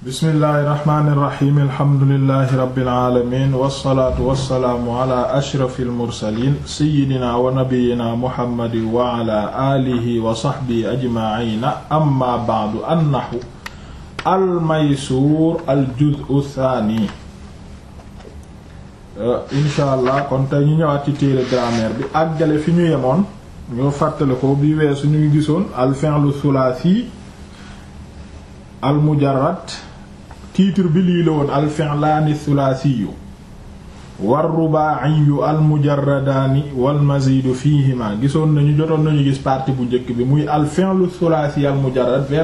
bismillahi irrahmani irrahim alhamdulilahi rabilalamin walsalaatu walsalaamu ala ashrafi almursalin seyidina wa nabiyina muhammadi wa ala aalihi wa saxbihi ajmaciina amma baadu annaxu almaysuur aljuzu thaani euh, insha allah kon tey ñu ñëwaat ci téere grammaire bi àggale fi ñu yemoon ñoo fàttale ko bi weesu ñuy gisoon al fi'lu thulaasi al mujarrad titre bi lii la woon al fi'laani thulaasiyu war rubaa'iyu al mujarradaani wal maziidu fiihimaa gisoon nañu jotoon nañu gis partie bu njëkk bi muy al fi'lu thulaasi al mujarrad